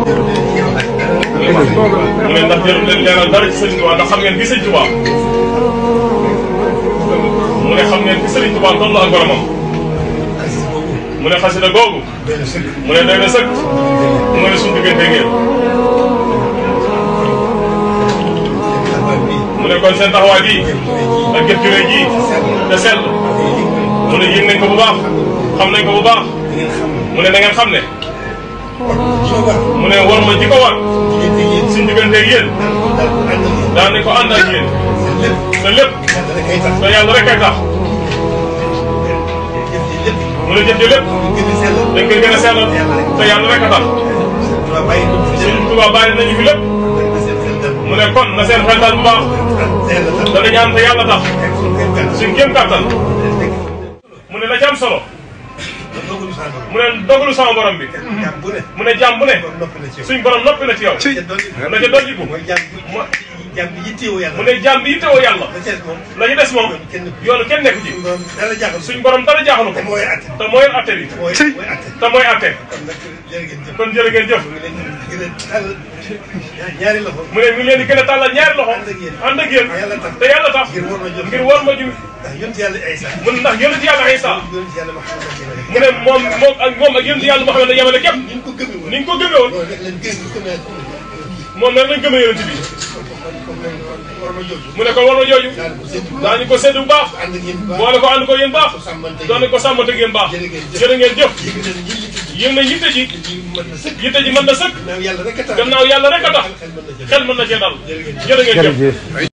mu ne ndax jarul leen leeral dara ci Sëriñ Tuubaa ndax xam ngeen fi Sëriñ Tuubaa mu ne xam ngeen fi Sëriñ Tuubaa toll ak boromam mu ne xasida googu mu ne doy na sëkk mu ne suñu diggante ngeen mu ne kon seen taxawaay bii ak jëf jure ji te sell mu ne yëg nañ ko bu baax xam nañ ko bu baax mu ne da ngeen xam ne mu ne war ma ji ko war. suñ digganteeg yéen. daan nañ ko ànd ak yéen. te lépp. te yàlla rek ay tax. mu ne jëf ji lépp. dañ koy gën a sellal. te yàlla rek a tax. suñ tubaab bàyyi nañu fi lépp. mu ne kon na seen xel daal bu baax. dana ñaan te yàlla tax. suñ kéem kàttan. mu ne la ci am solo. mu a dogalu sama borom bi. mu a jàmm bu ne. suñ borom noppi na ci yow. la ca dolli ko. jàmm bi yittewoo yàlla mu ne jàmm bi des moom yoonu kenn nekku ci. suñ borom dara jaaxalu ko. te jërëjëf kon jërëjëf. mu ne mi ngi leen di gën a tàllal ñaari loxo. ànd ak yéen ah, te yàlla tax ngir war ma jëm. yonent yàlla Aysa mu ne ndax yonent yàlla Aysa mu ne moom moom ak moom ak yonent yàlla Muhammad yemale képp ni ñu ko gëmee woon ni ñu ko gëmee woon moom nag lañ gëmee yonent bi mu ne ko war ma jooju daañu ko sédd bu baax boole ko ànd ko yéen baax doon ko sàmmante ak yéen baax jërë ngeen jëf yéen a yitte ji yitte ji mën na sëkk gannaaw yàlla rek a tax xel mën na cee dal jërë ngeen jëf